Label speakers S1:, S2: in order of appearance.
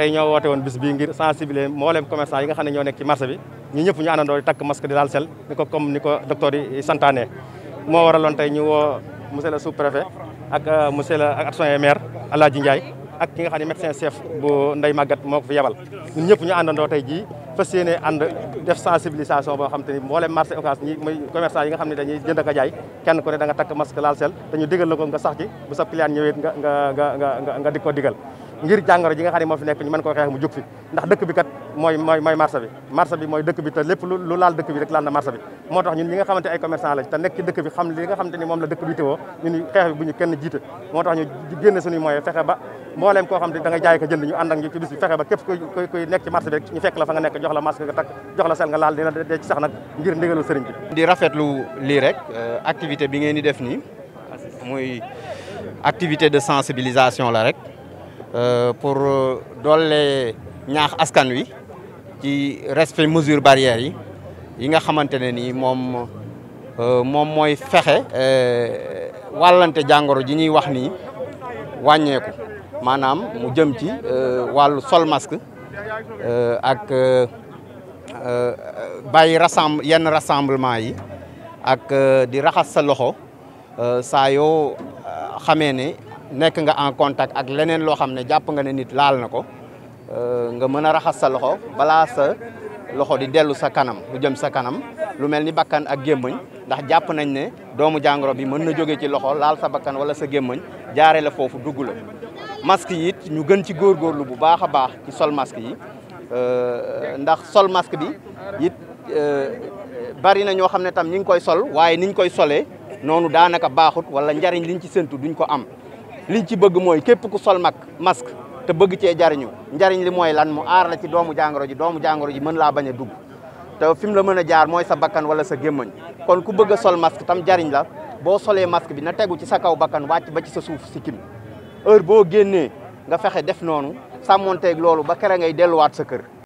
S1: tey ñoo woote woon bis bii ngir sensibiliser mboolem commerçant yi nga xam ne ñoo nekk ci marché bi ñu ñëpp ñu àndandoo di yi santaane moo waraloon tey ñu woo monsieur le sous préfet ak euh, monsieur le ak adjoint maire Alaaji Ndiaye ak ki nga xam ne médecin chef bu Ndeye Maguette moo ko fi yebal ñu àndandoo tey jii fas yéene ànd def sensibilisation boo xam te ni mboolem marché Ocass ñi muy commerçant yi nga xam ne dañuy jënd ak a jaay kenn ku ne da nga takk masque laal sel te ñu digal la nga sax ci bu sa client ñëwee nga nga nga nga ko digal ngir jàngoro ji nga xam ne moo fi nekk ñu mën koo xeex mu jóg fi ndax dëkk bi kat mooy mooy bi marché bi mooy dëkk bi te lépp lu laal dëkk bi rek laal na marché bi moo tax ñun ñi nga xamante ay commerçant lañ te nekk ci dëkk bi xam li nga xamante ni moom la moo tax koo xam ne da nga jaay ko jënd ñu ànd ak ñu ci bis bi fexe ba képp kuy kuy nekk ci marché bi rek ñu fekk
S2: la euh, ngeen di def nii muy activité de sensibilisation la rek Euh, pour euh, doole ñaax askan wi ci respect mesure barrière yi yi nga xamante ne nii moom euh, moom mooy fexe wàllante jàngoro ji ñuy wax nii wàññeeku maanaam mu jëm ci wàllu sol masque ak bàyyi rassemble yenn rassemblement yi ak di raxas sa loxo saa yoo xamee ne nekk nga en contact ak leneen loo xam ne jàpp nga ne nit laal na ko euh, nga mën a raxas sa loxo balaa sa loxo di dellu sa kanam lu jëm sa kanam lu mel ni bakkan ak gémmañ ndax jàpp nañ ne doomu jàngoro bi mën na jóge ci loxo laal sa bakkan wala sa gémmañ jaare la foofu dugg la masque yi it ñu gën ci góorgóorlu bu baax a baax ci sol masque yi euh, ndax sol masque bi it euh, bari na ñoo xam ne tam ñi ngi koy sol waaye niñ koy solee noonu daanaka baaxut wala njariñ liñ ci séntu duñ ko am liñ ci bëgg mooy képp ku sol mag masque te bëgg cee jariñu njariñ li mooy lan mu aar la ci doomu jàngoro ji doomu jàngoro ji mën laa bañ a dugg te fi mu la mën a jaar mooy sa bakkan wala sa gémmañ kon ku bëgg a sol masque tam jariñ la boo solee masque bi na tegu ci sa kaw bakkan wàcc ba ci sa suuf si sikkim heure boo génnee nga fexe def noonu sàmmonteeg loolu ba kera ngay delluwaat sa kër